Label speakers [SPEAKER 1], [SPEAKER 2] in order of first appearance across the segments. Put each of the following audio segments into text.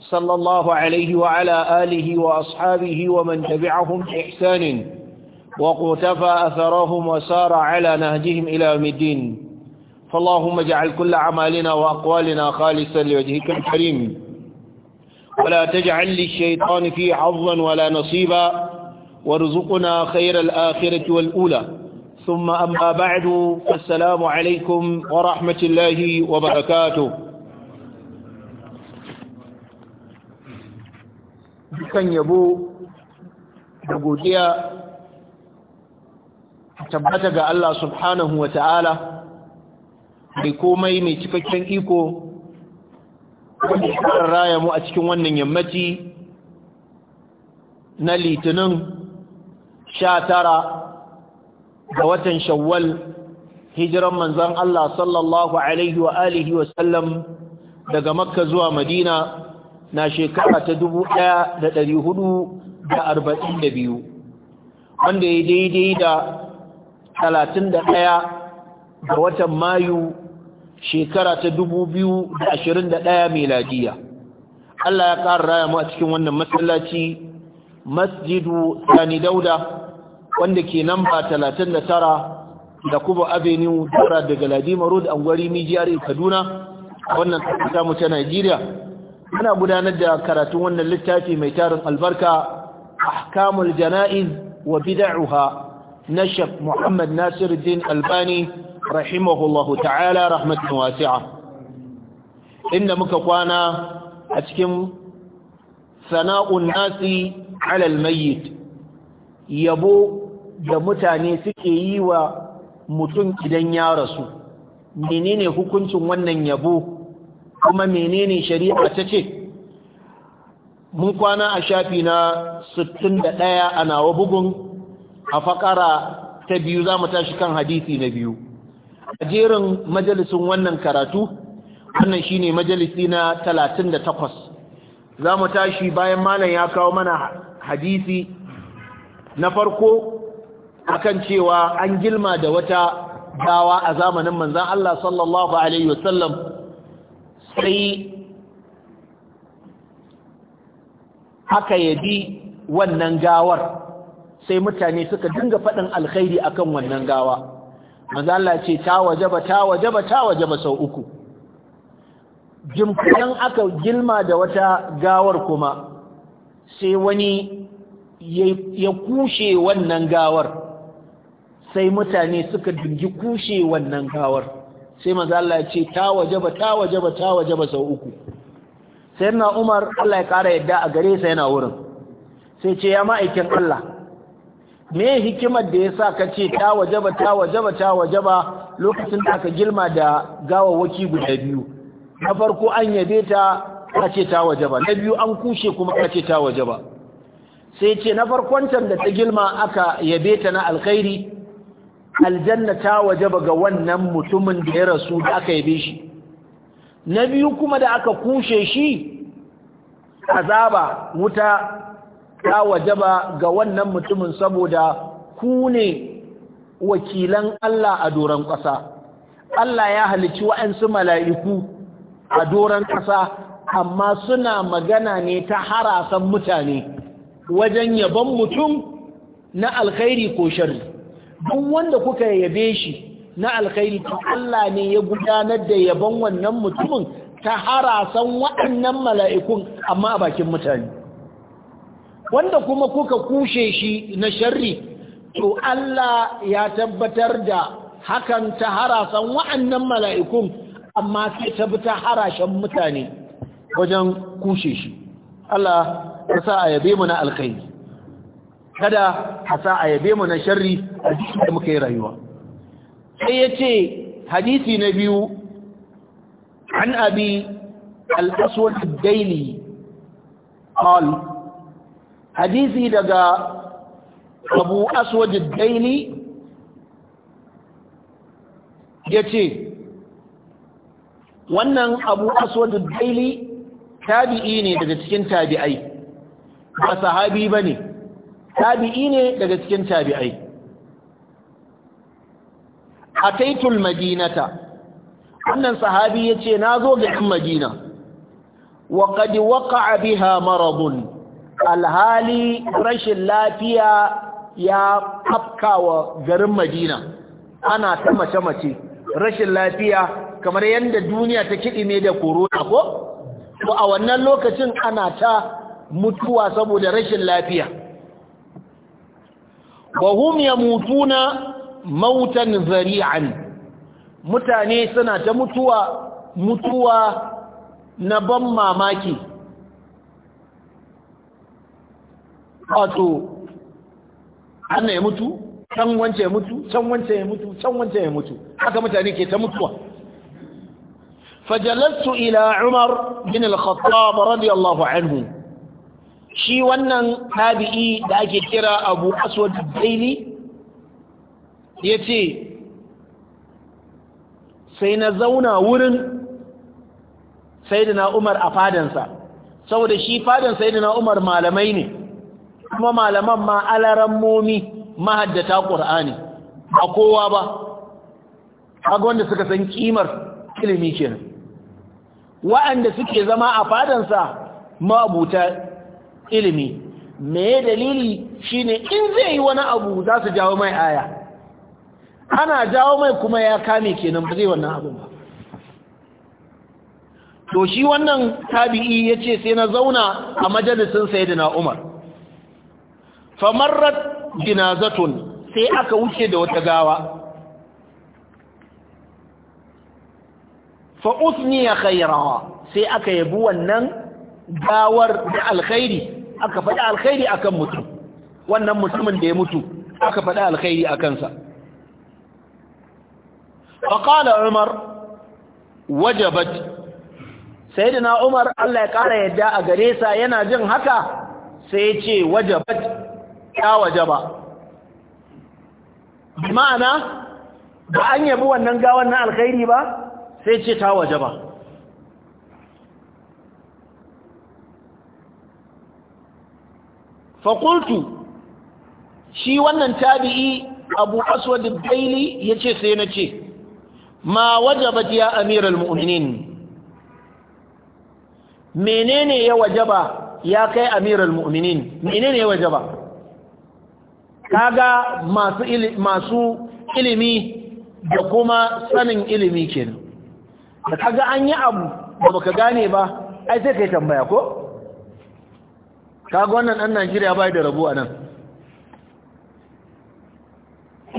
[SPEAKER 1] صلى الله عليه وعلى آله وأصحابه ومن تبعهم إحسان وقتفى أثرهم وسار على نهجهم إلى مدين فاللهم اجعل كل عمالنا وأقوالنا خالصا لوجهك الكريم ولا تجعل للشيطان في حظا ولا نصيبا وارزقنا خير الآخرة والأولى ثم أما بعد فالسلام عليكم ورحمة الله وبركاته Kan yabo da godiya tabbata ga Allah subhanahu wa ta'ala mai komai mai cikakken iko wanda ya raya mu a cikin wannan yammaci na litinin sha tara ga watan shawwal hijiran manzan Allah sallallahu Alaihi daga makka zuwa madina na shekara ta dubu ɗaya da ɗari hudu da arba'in da biyu wanda ya daidai da talatin da ɗaya ga watan mayu shekara ta dubu biyu da ashirin da ɗaya mai meladiya Allah ya ƙara raya mu a cikin wannan masallaci masjidu sani dauda wanda ke nan ba talatin da tara da kuma avenue tara daga ladima road gwari mijiyar kaduna a wannan ƙasa mu ta najeriya ana gudanar da karatun wannan littafi mai tarin albarka ahkamul jana'iz wa bid'uha na Sheikh Muhammad Nasiruddin Albani rahimahullahu ta'ala rahmatin wasi'a inda muka kwana a cikin sana'un nasi alal mayyit yabo da mutane suke yi wa mutum idan ya rasu menene hukuncin wannan yabo kuma menene shari'a ta ce mun kwana a shafi na 61 a nawa bugun a fakara ta biyu za mu tashi kan hadisi na biyu a jerin majalisun wannan karatu wannan shine majalisi na 38 za mu tashi bayan malam ya kawo mana hadisi na farko akan cewa an gilma da wata dawa a zamanin manzan Allah sallallahu Alaihi wasallam sai haka ya bi wannan gawar sai mutane suka dinga faɗin alkhairi akan wannan gawa manzo ce ta wajaba ta wajaba ta wajaba sau uku jimkan aka gilma da wata gawar kuma sai wani ya kushe wannan gawar sai mutane suka dingi kushe wannan gawar sai maza Allah ya ce ta wajaba ta wajaba ta wajaba sau uku sai na Umar Allah ya kara yadda a gare sa yana wurin sai ce ya ma'aikin Allah me hikimar da yasa ka ce ta wajaba ta wajaba ta wajaba lokacin da aka girma da gawawwaki guda biyu na farko an yabe ta ka ce ta wajaba na biyu an kushe kuma ka ce ta wajaba sai ce na farkon da ta girma aka yabe ta na alkhairi aljanna ta wajaba ga wannan mutumin da ya rasu da aka yabe shi na biyu kuma da aka kushe shi azaba wuta ta wajaba ga wannan mutumin saboda ku ne wakilan Allah a doron ƙasa Allah ya halici wa'ansu mala'iku a doron ƙasa amma suna magana ne ta harasan mutane wajen yaban mutum na alkhairi ko sharri duk wanda kuka yabe shi na alkhairi to Allah ne ya gudanar da yabon wannan mutumin ta harasan waɗannan mala'ikun amma a bakin mutane wanda kuma kuka kushe shi na sharri to Allah ya tabbatar da hakan ta harasan waɗannan mala'ikun amma sai ta bi ta harashen mutane wajen kushe shi Allah ya sa a yabe mu na alkhairi kada a sa a yabe mu na sharri a cikin da muke rayuwa sai ya ce hadisi na biyu an abi al-aswad ad-daili qal hadisi daga abu aswad daily ya ce wannan abu aswad ad-daili tabi'i ne daga cikin tabi'ai ba sahabi bane tabi'i ne daga cikin tabi'ai ataitul madinata wannan sahabi yace zo ga madina wa qad waqa'a biha maradun alhali rashin lafiya ya kafkawa garin madina ana ta mace-mace rashin lafiya kamar yadda duniya ta kiɗime da korona ko? ko a wannan lokacin ana ta mutuwa saboda rashin lafiya wa hum yamutuna mautan zari'an mutane suna ta mutuwa mutuwa na ban mamaki wato ana ya mutu can wance ya mutu can wance ya mutu can wance ya mutu haka mutane ke ta mutuwa فجلست ila umar بن الخطاب رضي الله عنه shi wannan tabi'i da ake kira abu aswad daili ya ce sai na zauna wurin saidina umar a fadansa saboda shi fadan saida umar malamai ne kuma malaman ma alaran momi mahaddata ƙur'ani a kowa ba haga wanda suka san kimar ilimi kenan wa'anda suke zama a fadansa ma'abuta ilimi me dalili shine in zai yi wani abu za su jawo mai aya ana jawo mai kuma ya kame kenan ba zai wannan abu ba to shi wannan tabi'i yace sai na zauna a majalisin sayyidina Umar famarrat jinazatun sai aka wuce da wata gawa fa usniya khayra sai aka yabi wannan gawar da alkhairi aka faɗi alkhairi akan mutum wannan mutumin da ya mutu aka faɗi alkhairi akansa faƙala umar wajabat na umar Allah ya ƙara yadda a gare sa yana jin haka sai ya ce wajabat ya wajaba ma'ana ba an yabi wannan gawan na alkhairi ba sai ce ta wajaba fakultu shi wannan tabi'i abu aswad baili ya ce sai na ce ma wajabat ya amiral mu'minin menene ya wajaba ya kai amiral mu'minin menene ya wajaba kaga masu masu ilimi da kuma sanin ilimi kenan da kaga an yi abu da baka gane ba ai sai kai tambaya ko kaga wannan ɗan najeriya bai da rabo a nan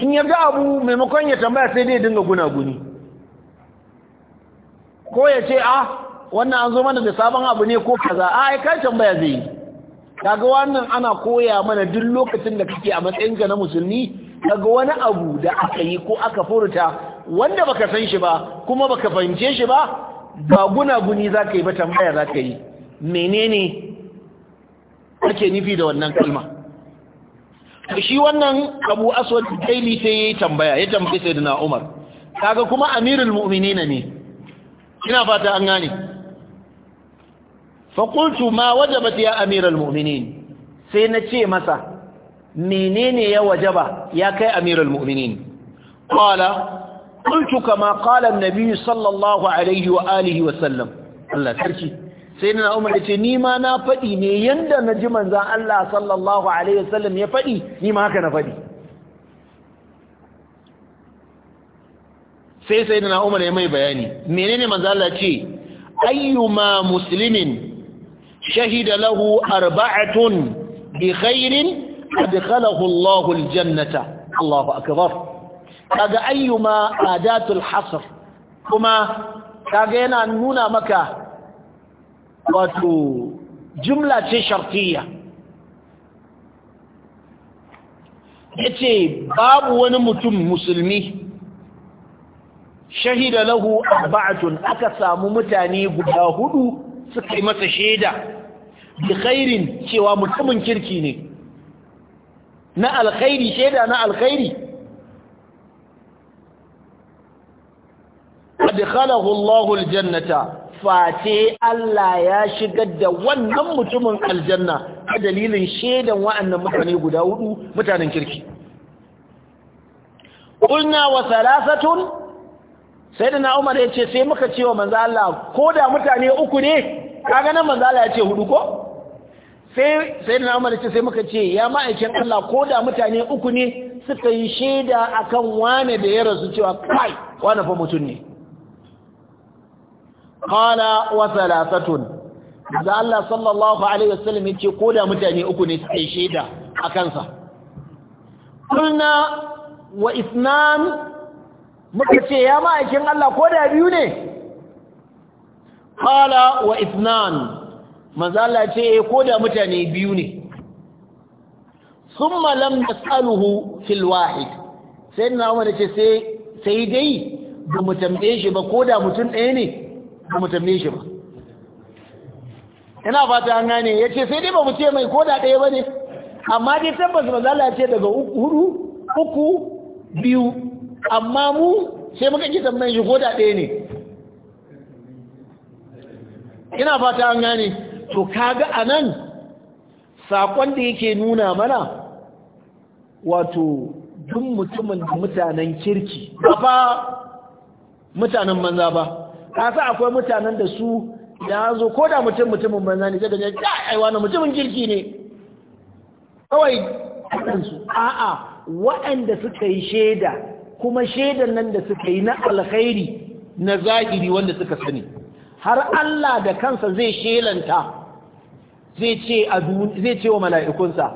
[SPEAKER 1] in ya ga abu maimakon ya tambaya sai dai dinga gunaguni ko ya ce a ah, wannan an zo mana da sabon abu ne ko kaza a kai tambaya zai yi kaga wannan ana koya mana duk lokacin da kake a matsayin matsayinka na musulmi kaga wani abu da aka yi ko aka furta wanda baka san shi ba kuma baka fahimce shi ba ba gunaguni za ka yi ba tambaya za ka yi menene ake nufi da wannan kalma shi wannan abu aswad daili sai ya yi tambaya ya tambaye sai da umar kaga kuma amirul mu'minina ne ina fata an gane faƙultu ma ta ya amirul mu'minin sai na ce masa menene ya wajaba ya kai amirul mu'minin qala qultu kama kalan an-nabi sallallahu alaihi wa alihi wa sallam Allah sarki sai na umar ce ni ma na faɗi ne yanda na ji manzan Allah sallallahu alaihi wasallam ya faɗi ni ma haka na faɗi sai sai na umar ya mai bayani menene manzan Allah ce ayyuma muslimin shahida lahu arba'atun bi khairin adkhalahu Allah aljannata Allahu akbar kaga ayyuma adatul hasr kuma kaga yana nuna maka wato jumla ce shartiya yace babu wani mutum musulmi shahida lahu arba'atun aka samu mutane guda hudu suka yi masa shaida bi khairin cewa mutumin kirki ne na alkhairi shaida na alkhairi adkhalahu Allahu aljannata face Allah ya shigar da wannan mutumin aljanna a dalilin shaidan wa'annan mutane guda hudu mutanen kirki ƙulna wa salasatun sai da na'umar ya ce sai muka ce wa manzala ko da mutane uku ne kaganan manzala ya ce hudu ko? sai da na'umar ya ce sai muka ce ya ma'aikin Allah ko da mutane uku ne suka yi shaida akan wane da ya rasu cewa kai wane fa mutum ne qala wa thalathatun da Allah sallallahu alaihi wasallam yace ko da mutane uku ne sai sheda akan sa kulna wa ithnan muka ce ya ma'aikin Allah ko da biyu ne qala wa ithnan manzo Allah ce eh, ko da mutane biyu ne thumma lam nas'aluhu fil wahid sai na wanda ce sai sai dai ba mu tambaye shi ba ko da mutum ɗaya ne ba mu tambaye shi ba ina fata an gane ya ce sai dai ba mu ce mai koda ɗaya ba ne amma dai tabbas ba za ce daga hudu uku biyu amma mu sai muka ki tambaye shi koda ɗaya ne ina fata an gane to kaga a nan sakon da yake nuna mana wato dun mutumin da mutanen kirki ba fa mutanen manza ba ka sa akwai mutanen da su da zo ko da mutum mutumin banza ne sai da ya ai wani mutumin kirki ne kawai su a'a waɗanda suka yi shaida kuma shaidan nan da suka yi na alkhairi na zahiri wanda suka sani har Allah da kansa zai shelanta zai ce a zai ce wa mala'ikunsa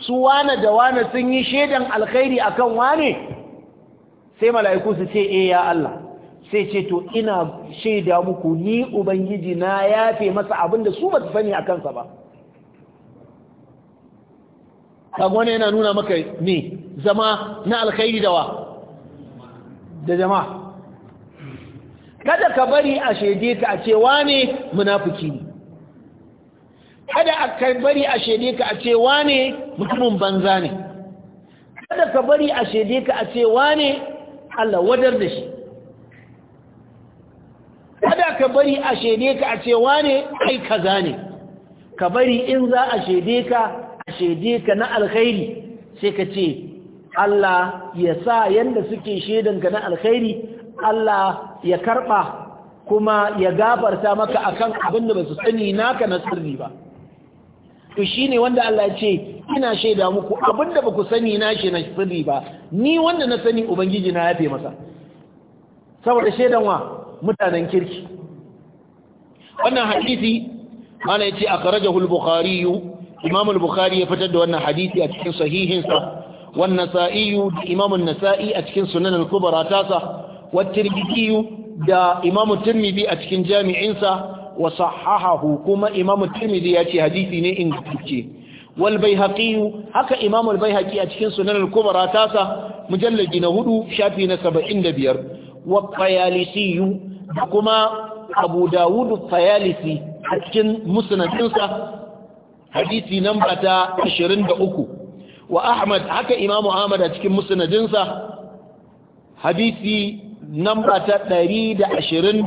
[SPEAKER 1] su wane da wane sun yi shaidan alkhairi akan wane sai mala'iku su ce eh ya Allah sai ce to ina shaida muku ni ubangiji na yafe masa abin da su ba su sani a kansa ba kagwane yana nuna maka ne zama na alkhairi dawa da jama'a kada ka bari a shaide ka a cewa ne munafiki ne kada ka bari a shaide ka a cewa ne mutumin banza ne kada ka bari a shaide ka a cewa ne Allah wadar da shi kada ka bari a shede ka a cewa ne kai kaza ne ka bari in za a shaide ka a shede ka na alkhairi sai ka ce Allah ya sa yanda suke shaidan ka na alkhairi Allah ya karba kuma ya gafarta maka akan abin da basu sani naka na sirri ba to shine wanda Allah ya ce ina shaida muku abin da baku sani na shi na sirri ba ni wanda na sani ubangiji na yafe masa saboda shaidan wa mutanen kirki wannan hadisi ana yace akhrajahu al-bukhari imam al-bukhari ya fitar da wannan hadisi a cikin sahihinsa wan nasa'i imam an-nasa'i a cikin sunan al-kubra wa tirmidhi da imam at-tirmidhi a cikin jami'insa wa sahahahu kuma imam at-tirmidhi ya ce hadisi ne ingantacce wal baihaqi haka imam al a cikin sunan al-kubra mujalladi na hudu shafi na 75 wa qayalisi kuma abu dawud fayalisi a cikin musnadinsa hadisi namba ta 23 wa ahmad haka imamu ahmad a cikin musnadinsa hadisi namba ta 129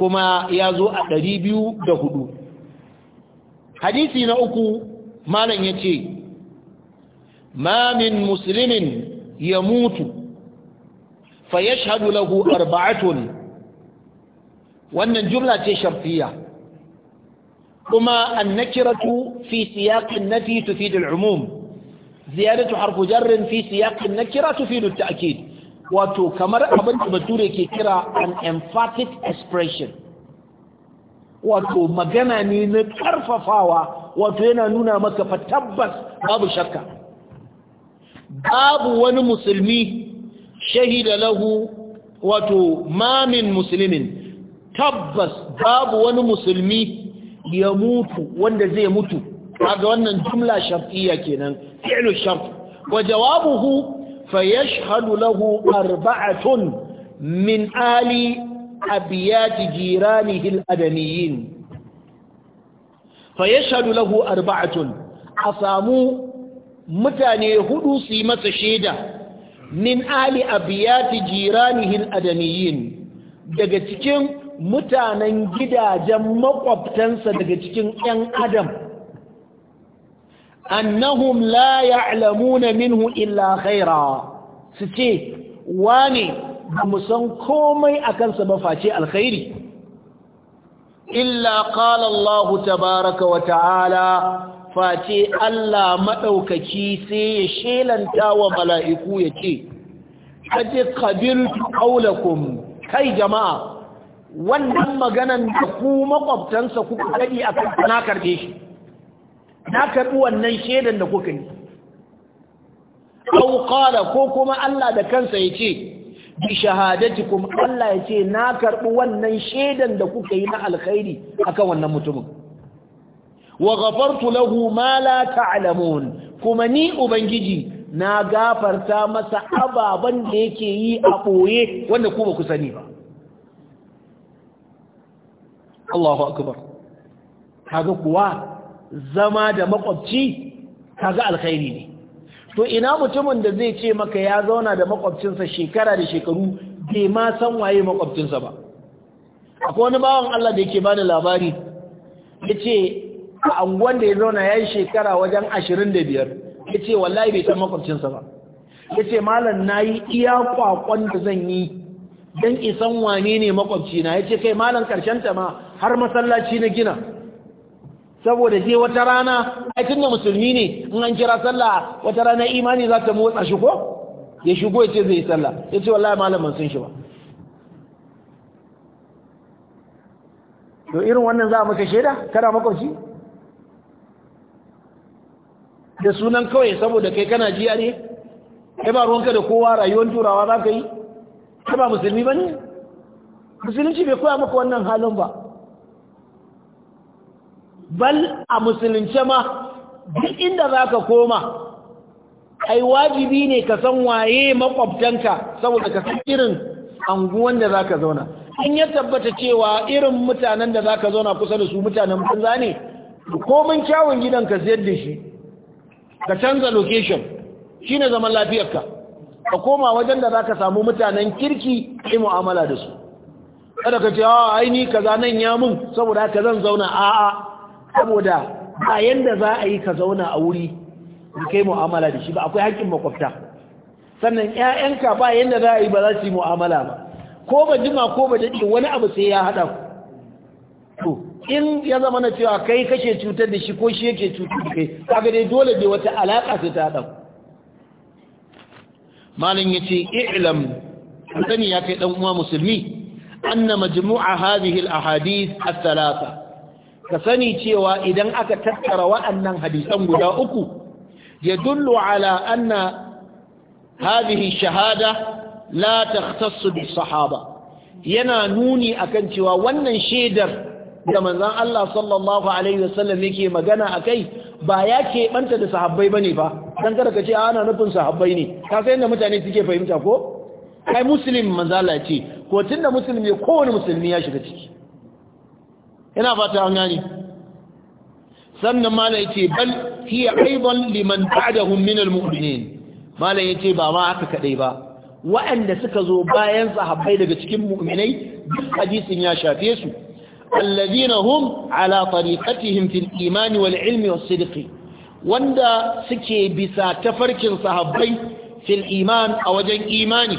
[SPEAKER 1] kuma ya zo a 204 hadisi na uku malam yace ma min muslimin yamutu fayashhadu lahu arba'atun wannan jumla ce sharfiya kuma annakiratu fi siyaqin nafi tufidu al-umum ziyadatu harfu jarrin fi siyaqin nakira tufidu at-ta'kid wato kamar abin da bature ke kira an emphatic expression wato magana ne na karfafawa wato yana nuna maka fa tabbas babu shakka babu wani musulmi shahida lahu wato mamin musulmin tabbas babu wani musulmi ya mutu wanda zai mutu kaga wannan jumla shar'iyya kenan fi'lu shart wa jawabuhu fayashhadu lahu arba'atun min ali abiyat jiranihi al-adamiyyin fayashhadu lahu arba'atun asamu mutane hudu su yi masa shaida min ali abiyat jiranihi al-adamiyyin daga cikin mutanen gidajen makwabtansa daga cikin 'yan adam annahum la ya'lamuna minhu illa khaira su ce wane ba mu san komai a kansa ba face alkhairi illa qala Allah tabaraka wa ta'ala face Allah madaukaki sai ya shelanta wa mala'iku yace qad qabiltu qawlakum kai jama'a wannan maganan da ku makwabtansa kuka kaɗi a na karbe shi na karɓi wannan shaidan da kuka yi aw ko kuma Allah da kansa yace bi kuma Allah yace na karɓi wannan shaidan da kuka yi na alkhairi akan wannan mutumin wa ghafartu lahu ma la ta'lamun kuma ni ubangiji na gafarta masa ababan da yake yi a ɓoye wanda ku ba ku sani ba Allahu akbar kaga kuwa zama da makwabci kaga alkhairi ne to ina mutumin da zai ce maka ya zauna da makwabcinsa shekara da shekaru bai ma san waye makwabcinsa ba akwai wani bawan Allah da yake bani labari yace a anguwan da ya zauna yayi shekara wajen 25 yace wallahi bai san makwabcinsa ba yace malam nayi iya kwakwan da zan yi dan isan wane ne makwabcina yace kai malam karshen ta ma har masallaci na gina saboda je wata rana aikin da musulmi ne in an kira sallah wata rana imani za ta motsa shi ko ya shigo ya ce zai yi sallah ya ce wallahi malamin sun shi ba to irin wannan za a maka shaida kana makwaci da sunan kawai saboda kai kana a ne kai ba ruwanka da kowa rayuwar turawa za ka yi Ka ba musulmi ba ne musulunci bai koya maka wannan halin ba bal a musulunce ma duk inda za ka koma ai wajibi ne ka san waye makwabtanka saboda ka san irin anguwan da za ka zauna in ya tabbata cewa irin mutanen da za ka zauna kusa da su mutanen banza ne komin kyawun gidan ka siyar da shi ka canza location shi ne zaman lafiyarka ka koma wajen da za ka samu mutanen kirki yi mu'amala da su kada ka ce a ah, aini kaza nan ya mun saboda ka zan zauna a'a saboda ba yanda za a yi ka zauna a wuri da kai mu'amala da shi ba akwai haƙƙin makwabta sannan ƴaƴanka ba yanda za a yi ba za su yi mu'amala ba ko ba jima ko ba daɗi wani abu sai ya haɗa ku to in ya zama na cewa kai kake cutar da shi ko shi yake cutar da kai kaga dai dole dai wata alaƙa sai ta haɗa ku malin yace i'lam sani ya kai dan uwa musulmi anna majmu'a hadhihi al-ahadith ath-thalatha ka sani cewa idan aka tattara wa'annan hadisan guda uku ya dullu ala anna hadhihi shahada la takhtassu bis sahaba yana nuni akan cewa wannan shaidar da manzon Allah sallallahu alaihi wasallam yake magana akai ba ya keɓanta da sahabbai bane ba dan kada ka ce ana nufin sahabbai ne ka san yadda mutane suke fahimta ko kai muslim manzala ce ko tunda muslim ne kowane musulmi ya shiga ciki yana fata an gane sannan mala yace bal hiya aidan liman ba'dahum min almu'minin mala yace ba ma haka kadai ba waɗanda suka zo bayan sahabbai daga cikin mu'minai duk hadisin ya shafe su alladhina hum ala tariqatihim fil iman wal ilmi was sidqi wanda suke bisa tafarkin sahabbai fil iman a wajen imani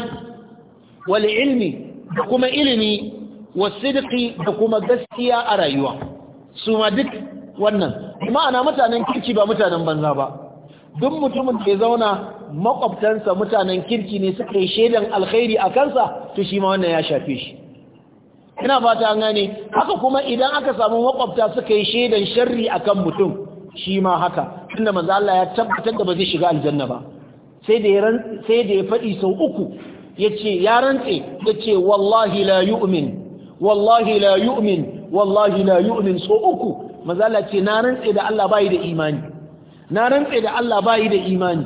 [SPEAKER 1] wal ilmi da kuma ilimi wasidiki da kuma gaskiya a rayuwa su ma duk wannan ma'ana mutanen kirki ba mutanen banza ba duk mutumin da ya zauna makwabtansa mutanen kirki ne suka yi shaidan alkhairi a kansa to shi ma wannan ya shafe shi ina fata an gane haka kuma idan aka samu makwabta suka yi shaidan sharri kan mutum shi ma haka tunda manzo Allah ya tabbatar da ba zai shiga aljanna ba sai da ya sai da ya faɗi sau uku yace ya rantse yace wallahi la yu'min wallahi la yu'min wallahi la yu'min so uku mazala ce na rantse da Allah bai da imani na rantse da Allah bai da imani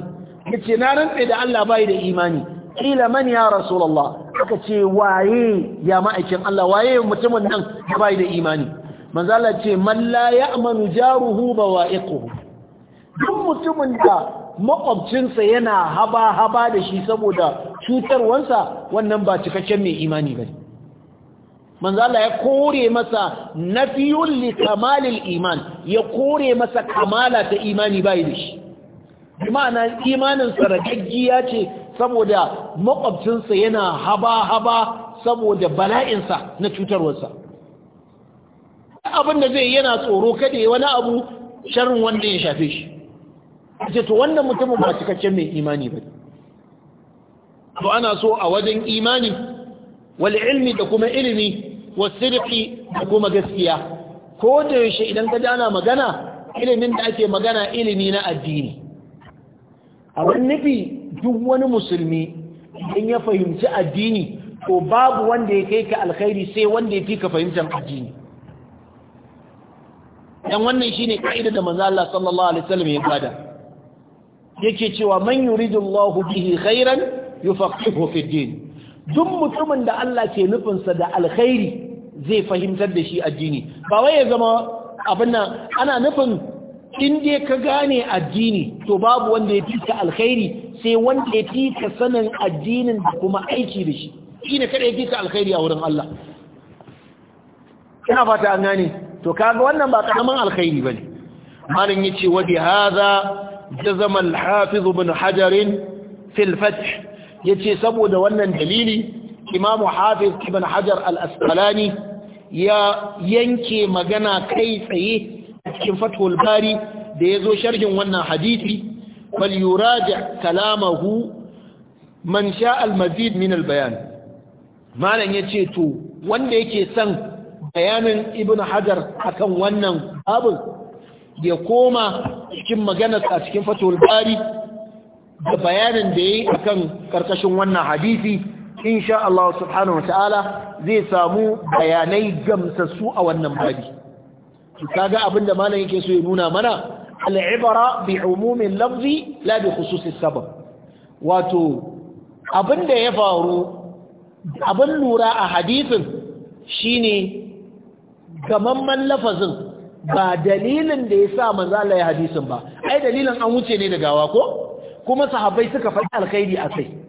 [SPEAKER 1] kace na rantse da Allah bai da imani kila man ya rasulullah aka ce waye ya ma'aikin Allah waye mutumin nan da bai da imani manzala ce man la ya'manu jaruhu bawa'iquhu duk mutumin da makwabcinsa yana haba haba da shi saboda cutarwansa wannan ba cikakken mai imani bane manzo Allah ya kore masa nafiyul li kamalil iman ya kore masa kamala ta imani bai da shi imana imanin saragaggiya ce saboda makwabcinsa yana haba-haba saboda bala'insa na cutarwarsa abin da zai yana tsoro kada wani abu sharrin wanda ya shafe shi ce to wannan mutumin ba cikakken mai imani ba to ana so a wajen imani wal ilmi da kuma ilimi wasirki da kuma gaskiya ko da yaushe idan ka dana magana ilimin da ake magana ilimi na addini wani nufi duk wani musulmi idan ya fahimci addini ko babu wanda ya kai ka alkhairi sai wanda ya fi ka fahimtar addini dan wannan shine kaida da manzo Allah sallallahu alaihi wasallam ya bada yake cewa man yuridullahu bihi khairan yufaqihu fi din duk mutumin da Allah ke nufinsa da alkhairi zai fahimtar da shi addini ba wai ya zama abin nan ana nufin in dai ka gane addini to babu wanda ya fita alkhairi sai wanda ya fita sanin addinin da kuma aiki da shi shi kada ya fita alkhairi a wurin Allah ina fata an gane to kaga wannan ba karaman alkhairi bane malam yace wa bi hadha jazama al-hafiz ibn hajar fi al-fath yace saboda wannan dalili imamu hafiz ibn hajar al-asqalani ya yanke magana kai tsaye cikin fathul bari da ya zo sharhin wannan hadisi fal yuraja kalamahu man sha al min al-bayan malan yace to wanda yake son bayanin ibn hajar akan wannan babu ya koma cikin maganar a cikin fathul bari da bayanin da yayi akan ƙarƙashin wannan hadisi insha Allah subhanahu ta'ala zai samu bayanai gamsassu a wannan babi kaga abinda malam yake so ya nuna mana al'ibara bi umumin lafzi la bi khususis sabab wato abinda ya faru abin lura a hadisin shine gamamman lafazin ba dalilin da yasa sa manzala ya hadisin ba ai dalilin an wuce ne da gawa ko kuma sahabbai suka faɗi alkhairi a kai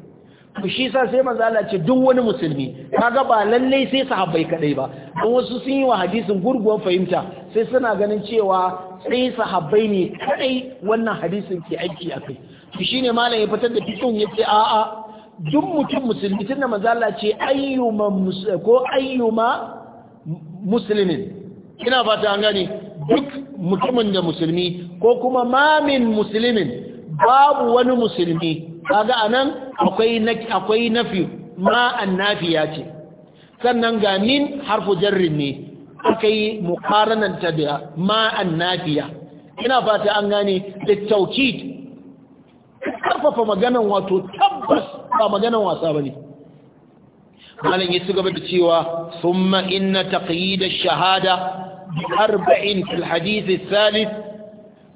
[SPEAKER 1] shi sa sai manzo ce duk wani musulmi ga ba lallai sai sahabbai kadai ba don wasu sun yi wa hadisin gurguwan fahimta sai suna ganin cewa sai sahabbai ne kadai wannan hadisin ke aiki a kai to shine malam ya fitar da cikin ya a a duk mutum musulmi tunda manzo Allah ce ayyuma ko ayyuma muslimin ina fata an gane duk mutumin da musulmi ko kuma mamin muslimin babu wani musulmi kaga anan akwai akwai nafi ma annafiya ce sannan ga min harfu jarrin ne akai ta da ma annafiya ina fata an gane da tauki karfafa maganan wato tabbas ba maganan wasa ba bane malam ya gaba da cewa thumma inna taqyid ash-shahada bi arba'in fil hadith ath-thalith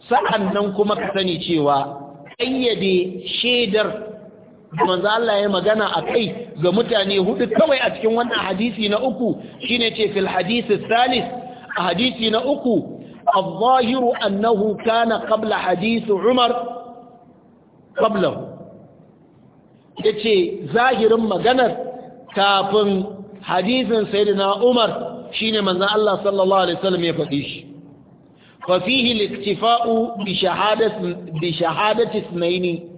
[SPEAKER 1] sa'annan kuma ka sani cewa ƙayyade shaidar manzo Allah ya magana a kai ga mutane hudu kawai a cikin wannan hadisi na uku shine ce fil hadisi salis a hadisi na uku الظاهر أنه كان قبل حديث عمر قبله yace zahirin maganar kafin hadisin sayyidina Umar shine manzon Allah sallallahu alaihi wasallam ya faɗi shi ففيه الاكتفاء bi shahadati اثنين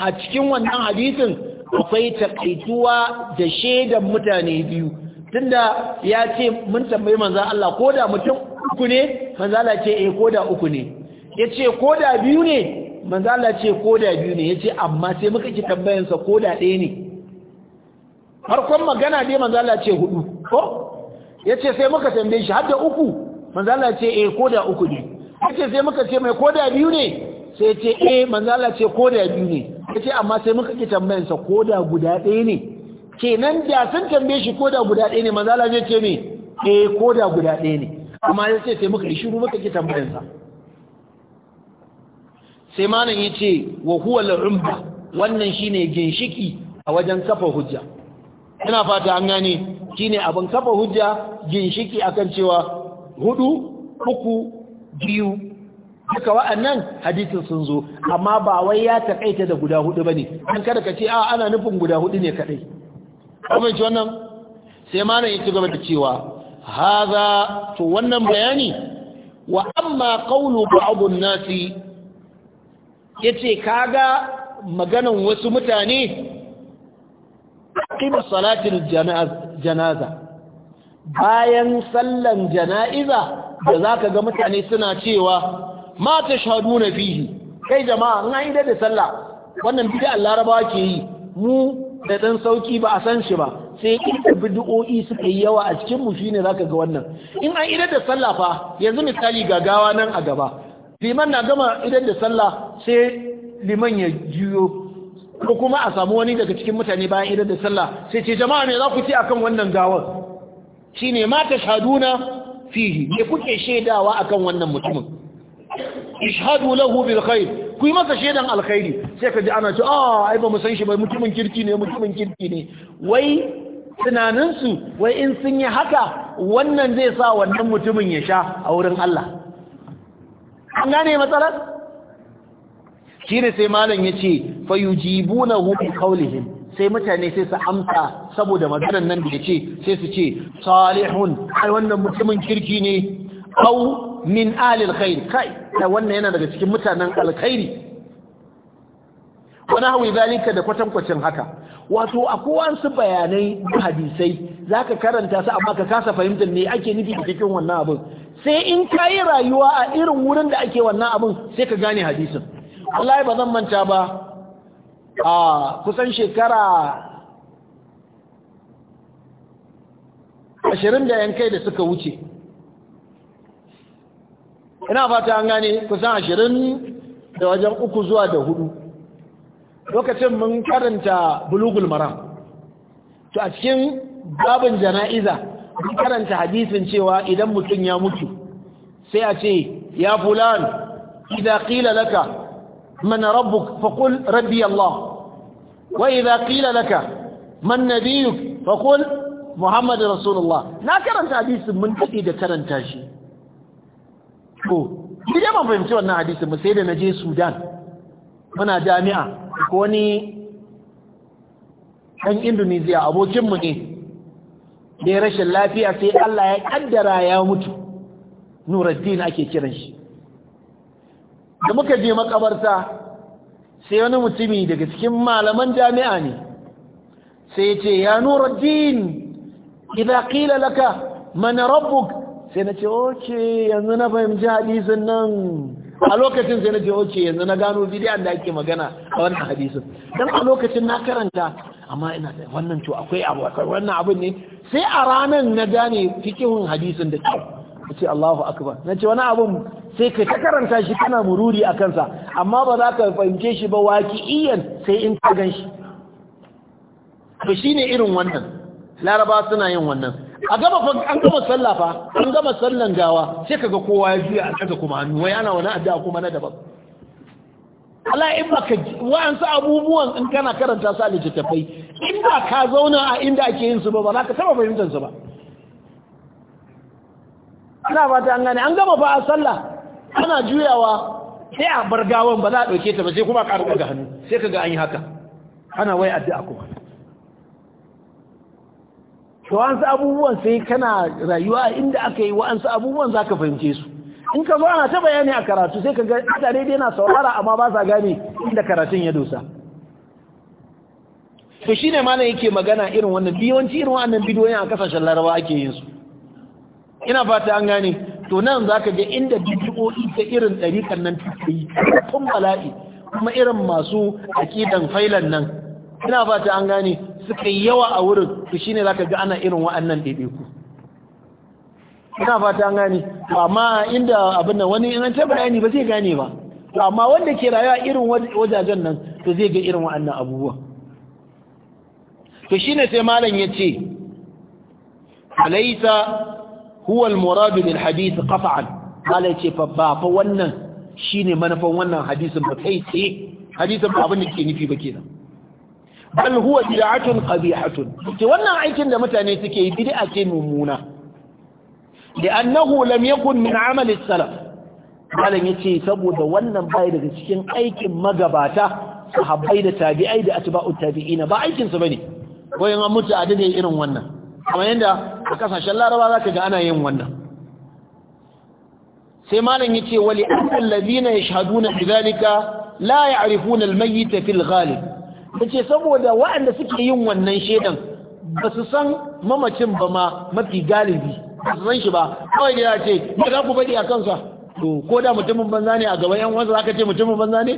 [SPEAKER 1] a cikin wannan hadisin akwai takaituwa da shaidan mutane biyu tunda ya ce mun tambayi manzo Allah ko da mutum uku ne manzo Allah ce eh ko da uku ne yace ko da biyu ne manzo Allah ce ko da biyu ne yace amma sai muka ki tambayan sa ko da ɗaya ne farkon magana dai manzo Allah ce hudu ko yace sai muka tambaye shi har da uku manzo Allah ce eh koda uku ne yace sai muka ce mai koda biyu ne sai ce eh manzo Allah ce koda biyu ne yace amma sai muka ki tambayan sa koda guda ɗaya ne kenan da sun tambaye shi koda guda ɗaya ne manzo zai ce me eh koda guda ɗaya ne amma yace sai muka yi shiru muka ki tambayan sa sai malam yace wa huwa al-umba wannan shine ginshiki a wajen kafa hujja ina fata an gane shine abin kafa hujja ginshiki akan cewa hudu uku biyu duka wa'annan hadisin sun zo amma ba wai ya takaita da guda hudu bane an kada ka ce a ana nufin guda hudu ne kadai kuma ci wannan sai ma nan yake gaba da cewa haza to wannan bayani wa amma qawlu ba'd an-nasi yace kaga maganan wasu mutane qima salatil janaza bayan sallan jana'iza da za ka ga mutane suna cewa mata ta shahadu na fihi kai jama'a in an da sallah wannan bid'a larabawa ke yi mu da ɗan sauki ba a san shi ba sai in ka bi du'o'i suka yi yawa a cikin mu shine zaka ga wannan in an idar da sallah fa yanzu misali gagawa nan a gaba liman na gama idar da sallah sai liman ya juyo ko kuma a samu wani daga cikin mutane bayan idar da sallah sai ce jama'a ne za ku ce akan wannan gawar shine ma shaduna fihi me kuke shaidawa akan wannan mutumin ishhadu lahu bil kai ku yi masa shaidan alkhairi sai ka ji ana ce ah ai ba mu san shi ba mutumin kirki ne mutumin kirki ne wai tunaninsu wai in sun yi haka wannan zai sa wannan mutumin ya sha a wurin Allah an gane matsalar shine sai malam ya yace fayujibuna na bi qawlihim sai mutane sai su amsa saboda maganar nan da ce sai su ce salihun ai wannan mutumin kirki ne au min alil khair kai da wannan yana daga cikin mutanen alkhairi wani hawi zalika da kwatankwacin haka wato a kowansu bayanai hadisai zaka karanta su amma ka kasa fahimtar me ake nufi da cikin wannan abin sai in ka rayuwa a irin wurin da ake wannan abin sai ka gane hadisin wallahi ba zan manta ba a kusan shekara ashirin da yankai da suka wuce ina fata an gane kusan ashirin da wajen uku zuwa da hudu lokacin mun karanta bulugul maram to a cikin babin jana'iza mun karanta hadisin cewa idan mutum ya mutu sai a ce ya fulan idan ƙila laka rabu rabbuk faqul rabbi Allah وإذا قيل لك من نبيك فقل محمد رسول الله نكرنت حديث من كده كرنتا شي ko idan ban fahimci wannan hadisin mu sai da naje Sudan muna jami'a ko wani ɗan Indonesia abokinmu ne da ya rashin lafiya sai Allah ya kaddara ya mutu Nuruddin ake kiran shi da muka je makabarta sai wani mutumi daga cikin malaman jami'a ne sai ya ce ya din idza kila laka mana rabbuk sai na ce oke yanzu na fahimci hadisun nan a lokacin sai na ce oke yanzu na gano bidiyan da ake magana a wannan hadisun Don a lokacin na karanta amma ina da wannan to akwai abu akwai wannan abin ne sai a ranar na gane fikihun hadisun da kyau ce Allahu akbar na ce wani abin sai ka ta karanta shi kana mururi a kansa amma ba za ka fahimce shi ba waki iyan sai in ka gan shi to shi ne irin wannan laraba suna yin wannan a gama an gama sallah fa an gama sallan gawa sai kaga kowa ya juya a kaga kuma hannu wai ana wani addu'a kuma na daban ala in baka wa'ansu abubuwan in kana karanta su a littattafai in ba ka zauna a inda ake yin su ba ba za ka taba fahimtar su ba ana ta an gane an gama ba a sallah ana juyawa sai a bar gawan ba za a ɗauke ta ba sai kuma ƙarar ga hannu sai ka ga an yi haka ana wai addu'a kuma to wa'ansu abubuwan sai kana rayuwa inda aka yi wa'ansu abubuwan za ka fahimce su in ka zo ana ta bayani a karatu sai ka ga mutane dai na saurara amma ba sa gane inda karatun ya dosa to shine malam yake magana irin wannan biyawanci irin wannan bidiyoyin a kasashen Laraba ake yin su ina fata an gane to nan za ka ga inda bidiyoyi ta irin kan nan ta yi tun bala'i kuma irin masu akidan failan nan ina fata an gane suka yi yawa a wurin to shine za ka ga ana irin wa'annan ɗaiɗaiku ina fata an gane amma inda abin nan wani in an ta bayani ba zai gane ba amma wanda ke rayuwa irin wajajen nan to zai ga irin wa'annan abubuwa to shine sai malam ya ce alaisa huwa al-murad bil hadith qat'an malai ce fa ba fa wannan shine manufan wannan hadisin ba kai tsaye hadisin ba abin da ke nufi ba kenan bal huwa bid'atun qabihatun ce wannan aikin da mutane suke yi bid'a ce mummuna li'annahu lam yakun min amali salaf malam yace saboda wannan bai daga cikin aikin magabata sahabbai da tabi'ai da atba'ut tabi'ina ba aikin su bane Ko an mutu a dade irin wannan kamar yanda a kasashen laraba za ka ga ana yin wannan sai malam ce wali annal na yashhaduna bidhalika la ya'rifuna al-mayyit fil ghalib yace saboda waɗanda suke yin wannan shaidan, ba su san mamacin ba ma mafi galibi ba su san shi ba kawai da ya ce ne za ku faɗi a kansa ko da mutumin banza ne a gaban yan za ka ce mutumin banza ne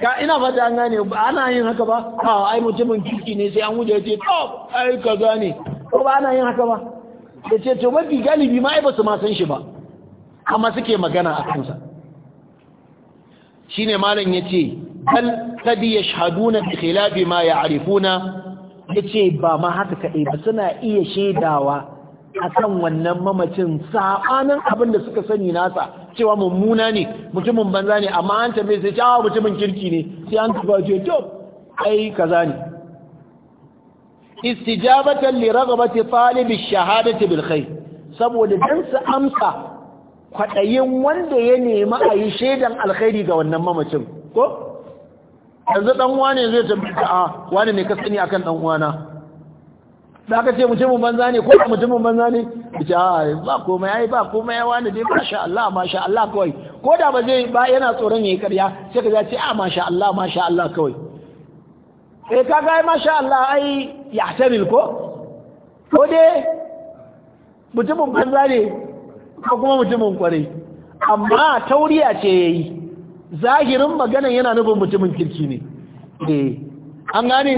[SPEAKER 1] ka ina fata an gane ana yin haka ba a ai mutumin kirki ne sai an wuce ya ce to ai ka gane. ko ba ana yin haka ba da ce to mafi galibi ma ai ba su ma san shi ba amma suke magana a kansa shine malam yace bal kad yashhaduna bi khilafi ma ya'rifuna yace ba ma haka kadai ba suna iya shaidawa akan wannan mamacin sabanin abin da suka sani nasa cewa mummuna ne mutumin banza ne amma an tambaye sai cewa mutumin kirki ne sai an tuba ce to ai kaza ne istijabatan li ragabati talibi shahadati bil khair saboda dan su amsa kwadayin wanda ya nemi a yi shaidan alkhairi ga wannan mamacin ko yanzu dan wane zai tabbata a ah, wane ne ka sani akan dan uwana da ka ce mutumin banza ne ko mutumin banza ne ita a ah, ba komai ai ba komai ai wani dai masha Allah masha Allah kawai ko da ba zai ba yana tsoron yayi karya, sai ka ce a ah, masha Allah masha Allah kawai eh kaga masha Allah ai ya taril ko ko dai mutumin banza ne ko kuma mutumin kwarai amma tauriya ce yi. zahirin maganan yana nufin mutumin kirki ne eh an gane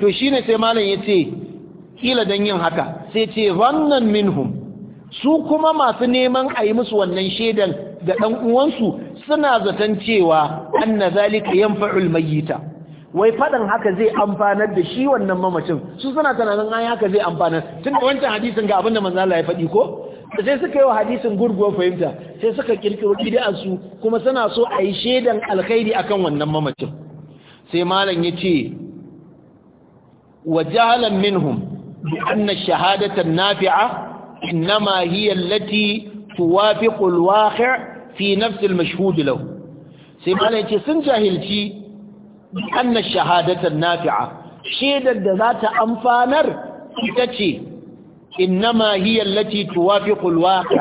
[SPEAKER 1] to shine sai malam ce kila don yin haka sai ce wannan minhum su kuma masu neman a yi musu wannan shaidan ga ɗan uwansu suna zaton cewa an na zalika yanfa'ul mayyita wai faɗan haka zai amfanar da shi wannan mamacin su suna tunanin an haka zai amfanar tun da wancan hadisin ga abin da manzo ya faɗi ko sai suka yi wa hadisin gurguwar fahimta sai suka kirkiro bid'a su kuma suna so a yi shaidan alkhairi akan wannan mamacin sai malam yace wa jahalan minhum bi anna ash-shahadata an-nafi'a إنما هي التي توافق الواقع في نفس Sai Malam ya ce sun jahilci. anna shahadatan nafi'a shaidar da za ta amfanar ita ce innama hiya allati tuwafiqu alwaqi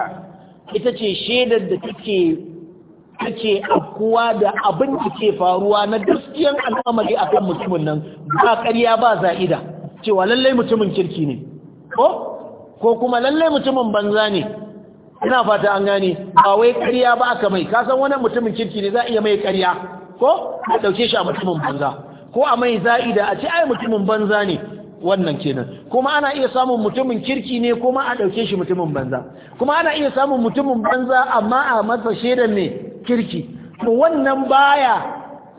[SPEAKER 1] ita ce shaidar da take take akuwa da abin da ke faruwa na gaskiyan al'amari akan mutumin nan ba ƙarya ba za'ida cewa lallai mutumin kirki ne ko ko kuma lallai mutumin banza ne ina fata an gane ba wai ƙarya ba aka mai kasan wani mutumin kirki ne za a iya mai ƙarya ko a ɗauke shi a mutumin banza ko a mai za'ida a ce ai mutumin banza ne wannan kenan kuma ana iya samun mutumin kirki ne kuma a ɗauke shi mutumin banza kuma ana iya samun mutumin banza amma a matsa shaidar mai kirki to wannan baya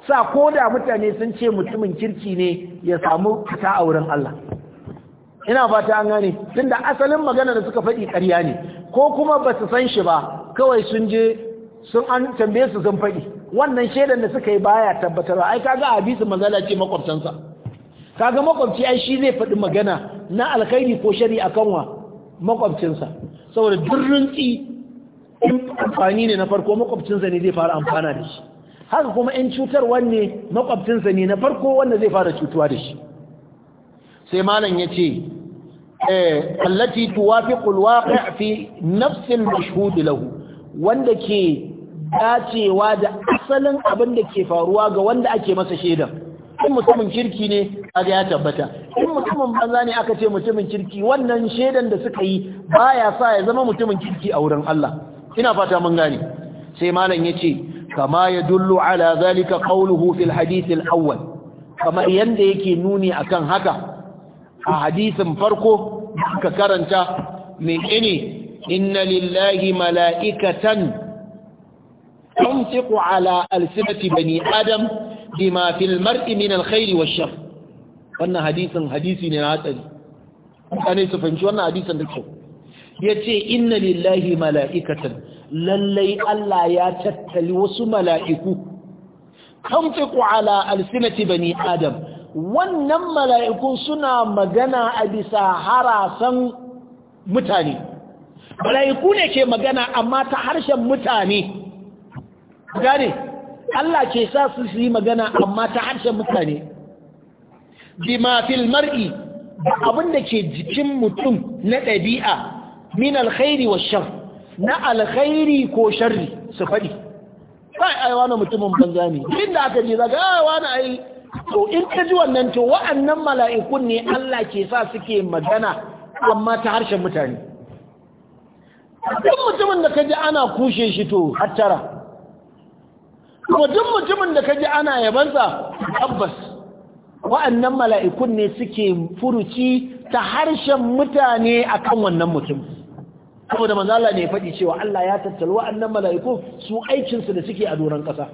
[SPEAKER 1] sa ko da mutane sun ce mutumin kirki ne ya samu ta a Allah ina fata an gane tunda asalin magana da suka faɗi ƙarya ne ko kuma ba su san shi ba kawai sun je sun an tambaye su sun faɗi wannan shaidan da suka yi baya tabbatarwa ai kaga hadisi manzala ce makwabtansa kaga makwabci ai shi zai faɗi magana na alkhairi ko shari akan wa makwabcinsa saboda durrunci in amfani ne na farko makwabcinsa ne zai fara amfana da shi haka kuma in cutar wanne makwabcinsa ne na farko wanda zai fara cutuwa da shi sai malam ya ce eh, allati tuwafiqul waqi' fi nafsin mashhud lahu wanda ke dacewa da asalin abin da ke faruwa ga wanda ake masa shaidan in mutumin kirki ne kaga ya tabbata in mutumin banza ne aka ce mutumin kirki wannan shaidan da suka yi baya sa ya zama mutumin kirki a wurin Allah ina fata mun gane sai malam yace kama yadullu ala zalika qawluhu fil hadith al awwal kama yanda yake nuni akan haka a hadisin farko aka karanta menene inna lillahi mala'ikatan تنطق على ألسنة بني آدم بما في المرء من الخير والشر wannan hadisin hadisi ne na hatsari mutane su fahimci wannan hadisin da ya ce inna lillahi mala'ikatan lallai Allah ya tattali wasu mala'iku kamfiku ala alsinati bani adam wannan mala'iku suna magana a bisa harasan mutane mala'iku ne ke magana amma ta harshen mutane gane Allah ke sa su su yi magana amma ta harshen mutane bima fil mar'i abin da ke jikin mutum na ɗabi'a min alkhairi wa shar na alkhairi ko sharri su faɗi kai ai wani mutumin banza ne da aka ji zaga ai ah, wani ai to in ka ji wannan to wa'annan mala'ikun ne Allah ke sa suke magana amma ta harshen mutane duk mutumin da ka ji ana kushe shi to hattara Mutum mutumin da kaji ana yabansa tabbas wa'annan mala'ikun ne suke furuci ta harshen mutane akan wannan mutum saboda manzo ne faɗi cewa Allah ya tattali wa'annan mala'iku su aikinsu da suke a doron ƙasa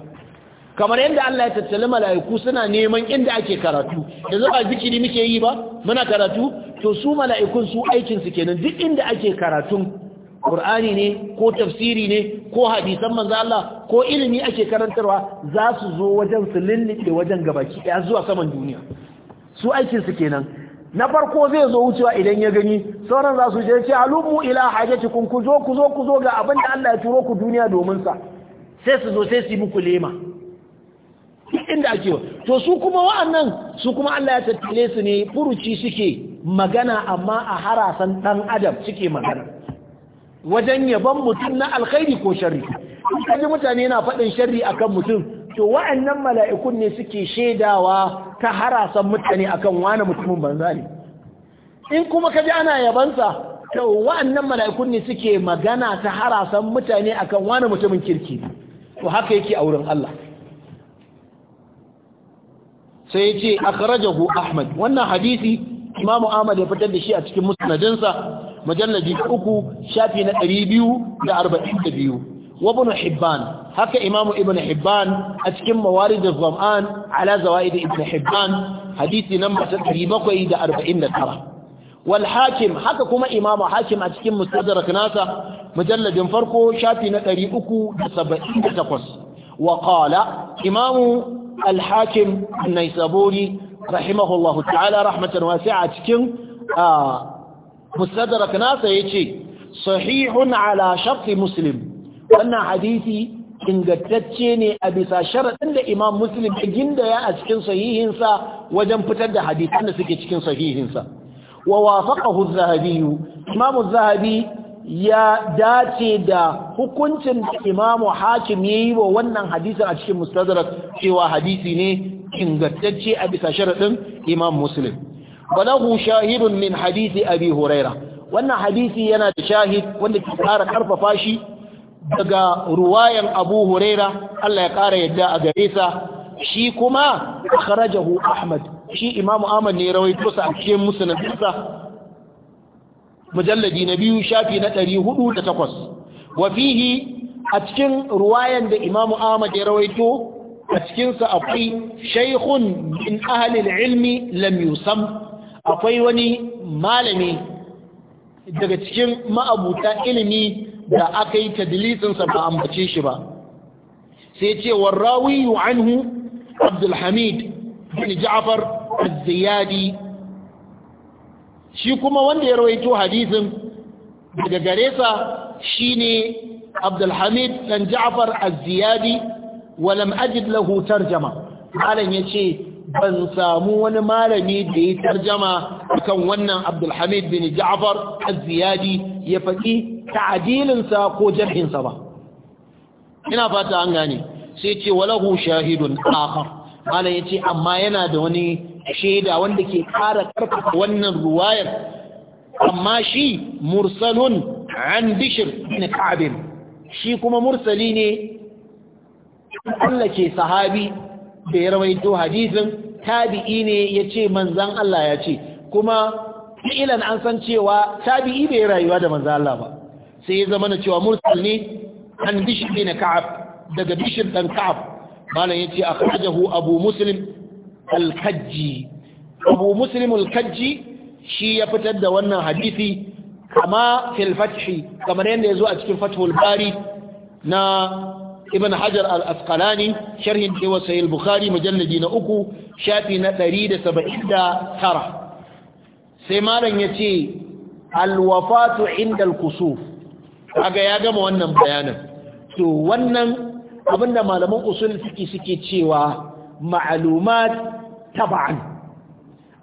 [SPEAKER 1] kamar yadda Allah ya tattali mala'iku suna neman inda ake karatu yanzu ba zikiri muke yi ba muna karatu to su mala'ikun su aikinsu kenan duk inda ake karatun Qur'ani ne ko tafsiri ne ko hadisan manzo Allah ko ilimi ake karantarwa za su zo wajen su lullube wajen gabaki ya zuwa saman duniya su aikin su kenan na farko zai zo wucewa idan ya gani sauran za su je ce al'ummu ila hajatikum ku zo ku zo ku zo ga abin da Allah ya turo ku duniya domin sa sai su zo sai su yi muku lema inda ake wa to su kuma wa'annan su kuma Allah ya tattale su ne furuci suke magana amma a harasan dan adam suke magana wajen yaban mutum na alkhairi ko sharri kaji mutane na faɗin sharri akan mutum to wa'annan mala'ikun ne suke shaidawa ta harasan mutane akan wani mutumin banza ne in kuma kaji ana yabansa to wa'annan mala'ikun ne suke magana ta harasan mutane akan wani mutumin kirki to haka yake a wurin Allah sai yace ce akhrajahu ahmad wannan hadisi imamu ahmad ya fitar da shi a cikin musnadinsa mujalladi uku shafi na ɗari biyu da arba'in da biyu wabin hibban haka imamu ibn hibban a cikin mawari da zam'an ala zawa'id ibn hibban hadisi nan mata ɗari bakwai da arba'in da tara wal hakim haka kuma imamu hakim a cikin mustadrak mujalladin farko shafi na ɗari uku da saba'in da takwas imamu الحاكم النيسابوري رحمه الله تعالى رحمة واسعة كن mustadrak nasa yace sahihun ala shart muslim wannan hadisi ingantacce ne a bisa sharadin da imam muslim ya gindaya a cikin sahihinsa wajen fitar da hadisan da suke cikin sahihinsa wa wafaqahu az-zahabi imam zahabi ya dace da hukuncin da imamu hakim ya yi wa wannan hadisin a cikin mustadrak cewa hadisi ne ingantacce a bisa sharaɗin imam muslim walahu shahidun min hadisi abi huraira wannan hadisi yana da shahid wanda ke kara karfafa shi daga ruwayan abu huraira Allah ya kara yadda a gare sa shi kuma akhrajahu ahmad shi imamu ahmad ne rawaito sa a cikin mujalladi na biyu shafi na 408 wa fihi a cikin ruwayan da Imam Ahmad ya rawaito a cikin sa akwai shaykhun min ahli ilmi lam yusam akwai wani malami daga cikin ma'abuta ilimi da aka yi tadlisinsa ba ambace shi ba sai ce warrawi anhu abdulhamid bin ja'far azziyadi shi kuma wanda ya rawaito hadisin daga gare sa shine abdulhamid dan ja'far azziyadi ziyadi walam ajid lahu tarjama ya yace ban samu wani malami da ya tarjama akan wannan Abdulhamid bin Ja'far Az-Ziyadi ya faɗi ta'adilinsa ko jarhinsa ba ina fata an gane sai ce walahu shahidun akhar malam yace amma yana da wani shaida wanda ke ƙara karfafa wannan ruwayar amma shi mursalun an bishir bin ka'abin shi kuma mursali ne Allah ke sahabi da ya rawaito hadisin tabi'i ne ya ce manzan Allah ya ce kuma ilan an san cewa tabi'i bai rayuwa da manzan Allah ba sai ya zama na cewa mursal ne an bishir bin ka'ab daga bishir dan ka'ab malam yace akhrajahu abu muslim al abu muslim al shi ya fitar da wannan hadisi kama filfashi, kamar yadda zo a cikin fathul bari na ibn hajar al-asqalani sharhin cewa sahih bukhari mujalladi na uku shafi na 179 sai malam ya al-wafatu inda al-kusuf kaga ya gama wannan bayanin to wannan abinda malaman usul suke cewa ma'lumat tab'an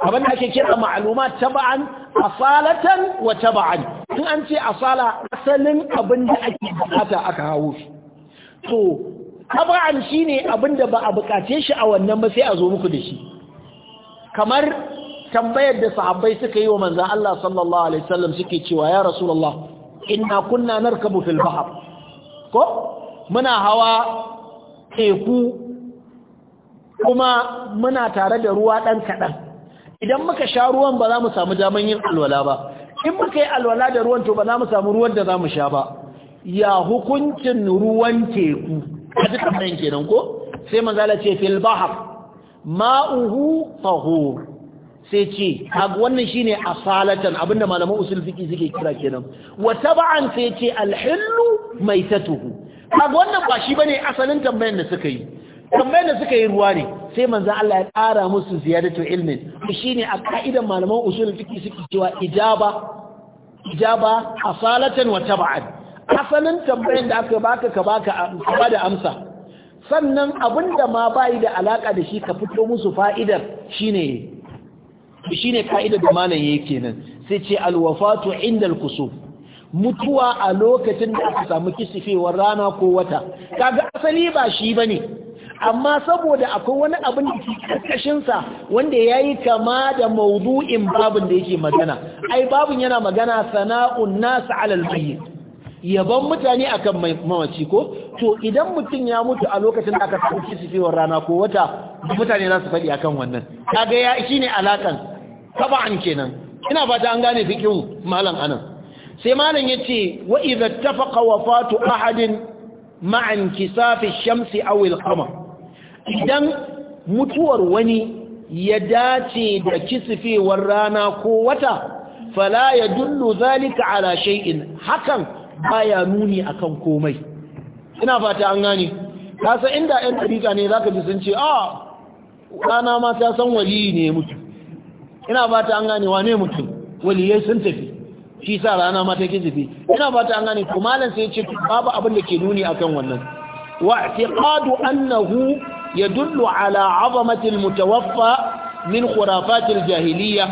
[SPEAKER 1] abinda ake kira ma'lumat tab'an asalatan wa taba'an in an ce asala asalin abinda ake bukata aka hawo shi to taba'an shine abin da ba a bukace shi a wannan ba sai a zo muku da shi kamar tambayar da sahabbai suka yi wa manzan Allah sallallahu alaihi wasallam suke cewa ya rasulullah inna kunna narkabu fil bahr ko muna hawa teku kuma muna tare da ruwa dan kadan idan muka sha ruwan ba za mu samu daman yin alwala ba in muka yi alwala da ruwan to ba za mu samu ruwan da za mu sha ba ya hukuncin ruwan teku a duk ɗan kenan ko sai manzala ce fil bahr ma'uhu tahur sai ce wannan shine asalatan abinda malaman usul fiqi suke kira kenan wa tab'an sai ce alhillu maitatuhu kaga wannan ba shi bane asalin tambayar da suka yi tambayar da suka yi ruwa ne sai manzo Allah ya ƙara musu ziyadatu ilmin shine a ka'idan malaman usul fiqi suke cewa ijaba ijaba asalatan wa tab'an asalin tambayin da aka baka ka baka ka da amsa sannan da ma bai da alaka da shi ka fito musu fa'idar shine shine kaida da malam yake kenan sai ce alwafatu inda kusuf mutuwa a lokacin da aka samu kisifewar rana ko wata kaga asali ba shi bane amma saboda akwai wani abin da ke sa wanda yayi kama da maudu'in babun da yake magana ai babin yana magana sana'un nasu al mayyit yaban mutane akan mamaci ko to idan mutum ya mutu a lokacin da aka samu kisifewar rana ko wata mutane za su faɗi akan wannan kaga ya ne alakan taba'an kenan ina fata an gane fikin malam anan sai malam yace wa idza tafaqa wafatu ahadin ma'an kisafi shamsi aw al-qamar idan mutuwar wani ya dace da kisifewar rana ko wata fala yadullu zalika ala shay'in hakan baya nuni akan komai ina fata an gane kasa inda yan dariƙa ne zaka ji sun ce a ah, rana ma ta san wali ne mutu ina fata an gane wane mutum waliyai sun tafi shi sa rana ma ta ki tafi ina fata an gane kuma malam sai ya ce babu abin da ke nuni akan wannan wa i'tiqadu annahu يدل على عظمة min من خرافات الجاهلية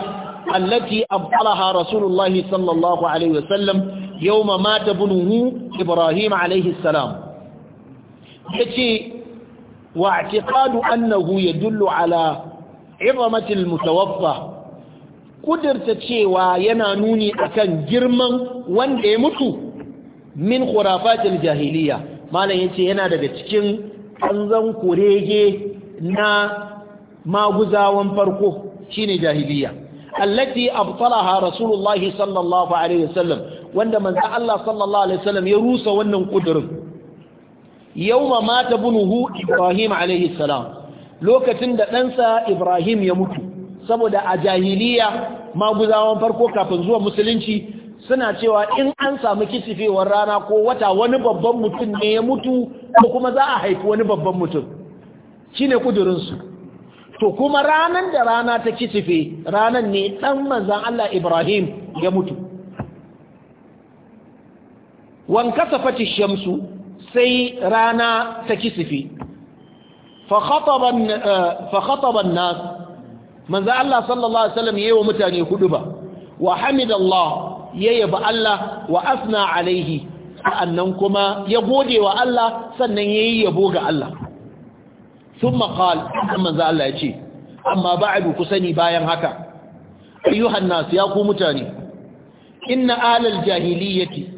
[SPEAKER 1] التي أبطلها رسول الله صلى الله عليه وسلم yawma mata bunuhu ibrahim alaihi salam yace wa i'tiqadu annahu yadullu ala izamati almutawaffa kudirta cewa yana nuni akan girman wanda ya mutu min khurafatil jahiliya malam yace yana daga cikin kanzan kurege na maguzawan farko shine jahiliya allati abtalaha rasulullahi sallallahu alaihi wasallam wanda manzo Allah sallallahu alaihi wasallam ya rusa wannan kudurin yauma mata bunuhu Ibrahim alaihi salam lokacin da ɗansa Ibrahim ya mutu saboda a jahiliya maguzawan farko kafin zuwa musulunci suna cewa in an samu kisifewar rana ko wata wani babban mutum ne ya mutu ko kuma za a haifi wani babban mutum shine kudurinsu to kuma ranan da rana ta kisife ranan ne ɗan manzan Allah Ibrahim ya mutu fati shamsu sai rana ta kisifi fa khataba nas manzo Allah sallallahu alaihi wasallam yayi wa mutane huduba wa hamidallah yayi ba Allah wa asna alaihi annan kuma ya gode wa Allah sannan yayi yabo ga Allah thumma qala manzo Allah ce. amma ba'du kusani bayan haka ayyuhan nas ya ku mutane inna alal jahiliyyati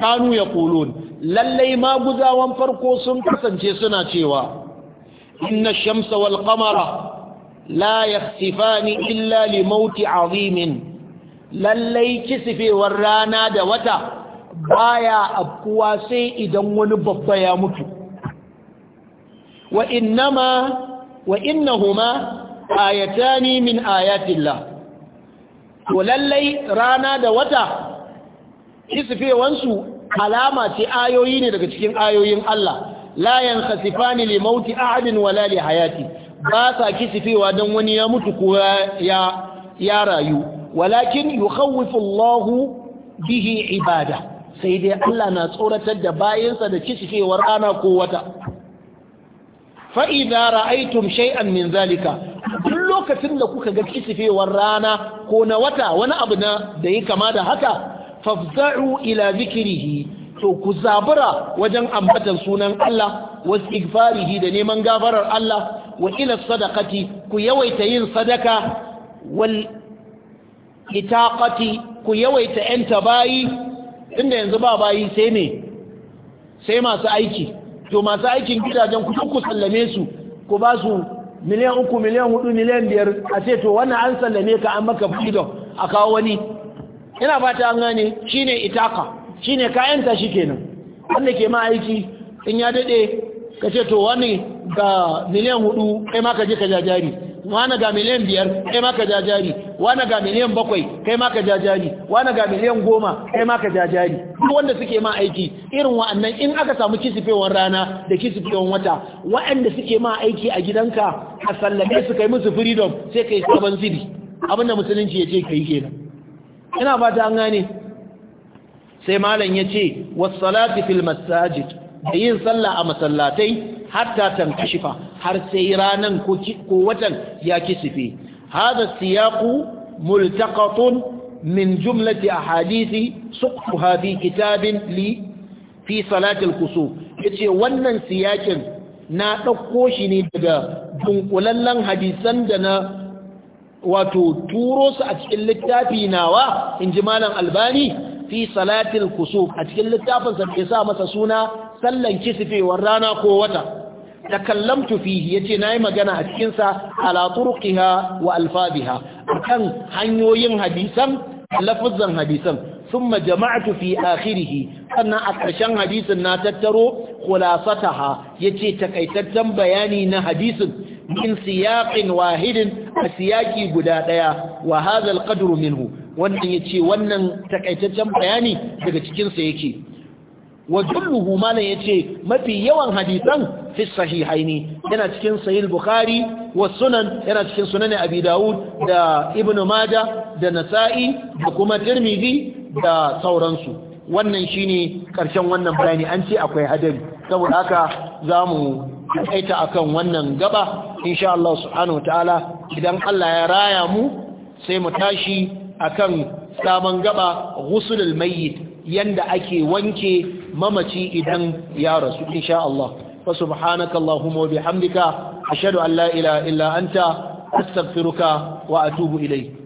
[SPEAKER 1] kanu ya kulun lallai maguzawan farko sun kasance suna cewa inna shamsa wal qamara la illa limauti mauti azimin lallai kisifewar rana da wata baya abkuwa sai idan wani babba ya mutu wa innama wa innahuma ayatani min ayatillah to lallai rana da wata kisfewansu alama ce ayoyi ne daga cikin ayoyin Allah la yankhasifani li mauti ahadin wala li hayati ba sa kisifewa dan wani ya mutu ko ya ya rayu walakin yukhawifu Allah bihi ibada sai dai Allah na tsoratar da bayansa da kisifewar ana ko wata fa idza ra'aytum shay'an min zalika duk lokacin da kuka ga kisifewar rana ko na wata wani abu na da ya kama da haka fafza'u ila zikirihi to ku zabura wajen ambatan sunan Allah wa istighfarihi da neman gafarar Allah wa ila sadaqati ku yawaita yin sadaka wal itaqati ku yawaita yan tabayi inda yanzu ba bayi sai me sai masu aiki to masu aikin gidajen ku ku sallame su ku ba su miliyan uku miliyan hudu miliyan biyar a ce to wannan an sallame ka an maka bidon a kawo wani ina fata an gane shine itaka shine kayanta shikenan wanda ke ma aiki in ya dade ka ce to wani ga miliyan hudu kai ma ka je ka jajari wani ga miliyan biyar kai ma ka jajari wani ga miliyan bakwai kai ma ka jajari wani ga miliyan goma kai ma ka jajari duk wanda suke ma aiki irin wa'annan in aka samu kisifewar rana da kisifewar wata wa'anda suke ma aiki a gidanka a sallame su kai musu freedom sai kai sabon zidi abinda musulunci ya ce kai kenan ina bata an gane sai malam ya ce wasalati fil masajid da yin sallah a masallatai hatta tankashifa har sai ranan ko watan ya kisife hada siyaqu multaqatun min jumlati ahadithi suqha fi kitabin li fi salati al yace wannan siyakin na dauko shi ne daga dunkulallen hadisan da na wato turo su a cikin littafi nawa in ji malam albani fi salatil kusuf a cikin littafinsa da sa masa suna sallan kisifewar rana ko wata takallamtu fihi yace nayi magana a cikin sa ala turqiha wa alfabiha akan hanyoyin hadisan lafuzan hadisan sannan a في hadisin na tattaro حديث ناتترو yace takaitaccen bayani na hadisin. min siyaqin wahidin a siyaki guda daya wa hadha alqadru minhu wannan yace wannan takaitaccen bayani daga cikin sa yake wa kulluhu malan yace mafi yawan hadisan fi sahihaini yana cikin sahih bukhari wa sunan yana cikin sunan abi daud da ibnu majah da nasa'i da kuma tirmidhi da sauransu wannan shine karshen wannan bayani an ce akwai hadari saboda haka zamu aita akan wannan gaba insha Allah subhanahu ta'ala idan Allah ya raya mu sai mu tashi akan sabon gaba ghusulul mayyit yanda ake wanke mamaci idan ya rasu insha Allah wa subhanaka allahumma wa bihamdika ashhadu an la ilaha illa anta astaghfiruka wa atubu ilayk